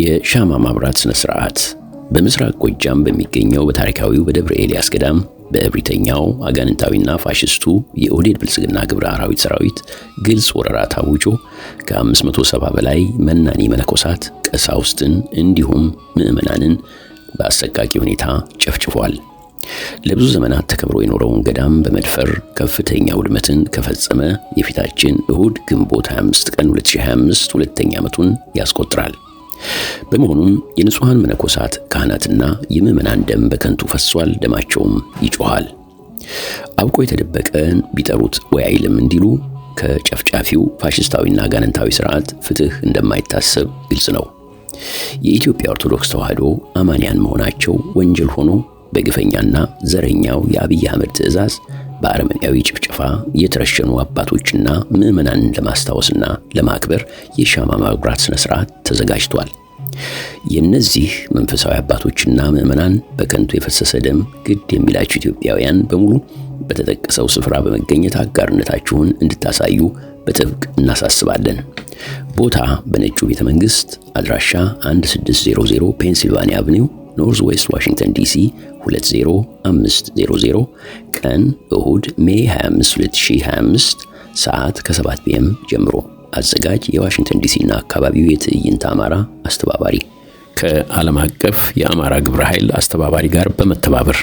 የሻማ ማብራት ስነ ስርዓት በምስራቅ ጎጃም በሚገኘው በታሪካዊው በደብረ ኤልያስ ገዳም በእብሪተኛው አጋንንታዊና ፋሽስቱ የኦዴድ ብልጽግና ግብረ አራዊት ሰራዊት ግልጽ ወረራ ታውጆ ከ570 በላይ መናኒ መነኮሳት ቀሳውስትን፣ እንዲሁም ምዕመናንን በአሰቃቂ ሁኔታ ጨፍጭፏል። ለብዙ ዘመናት ተከብሮ የኖረውን ገዳም በመድፈር ከፍተኛ ውድመትን ከፈጸመ የፊታችን እሁድ ግንቦት 25 ቀን 2025 ሁለተኛ ዓመቱን ያስቆጥራል። በመሆኑም የንጹሐን መነኮሳት ካህናትና የምዕመናን ደም በከንቱ ፈሷል፣ ደማቸውም ይጮኋል። አውቆ የተደበቀን ቢጠሩት ወይ አይልም እንዲሉ ከጨፍጫፊው ፋሽስታዊና ጋነንታዊ ስርዓት ፍትህ እንደማይታሰብ ግልጽ ነው። የኢትዮጵያ ኦርቶዶክስ ተዋሕዶ አማንያን መሆናቸው ወንጀል ሆኖ በግፈኛና ዘረኛው የአብይ አህመድ ትዕዛዝ በአረመኔያዊ ጭፍጨፋ የተረሸኑ አባቶችና ምዕመናንን ለማስታወስና ለማክበር የሻማ ማብራት ሥነ ሥርዓት ተዘጋጅቷል። የእነዚህ መንፈሳዊ አባቶችና ምዕመናን በከንቱ የፈሰሰ ደም ግድ የሚላቸው ኢትዮጵያውያን በሙሉ በተጠቀሰው ስፍራ በመገኘት አጋርነታችሁን እንድታሳዩ በጥብቅ እናሳስባለን። ቦታ በነጩ ቤተ መንግሥት፣ አድራሻ 1600 ፔንሲልቫኒያ አቨኒው ኖርዝ ዌስት ዋሽንግተን ዲሲ 20500 ቀን እሁድ ሜይ 25 2025 ሰዓት ከ7 ፒኤም ጀምሮ አዘጋጅ የዋሽንግተን ዲሲና አካባቢው የትዕይንት አማራ አስተባባሪ ከዓለም አቀፍ የአማራ ግብረ ኃይል አስተባባሪ ጋር በመተባበር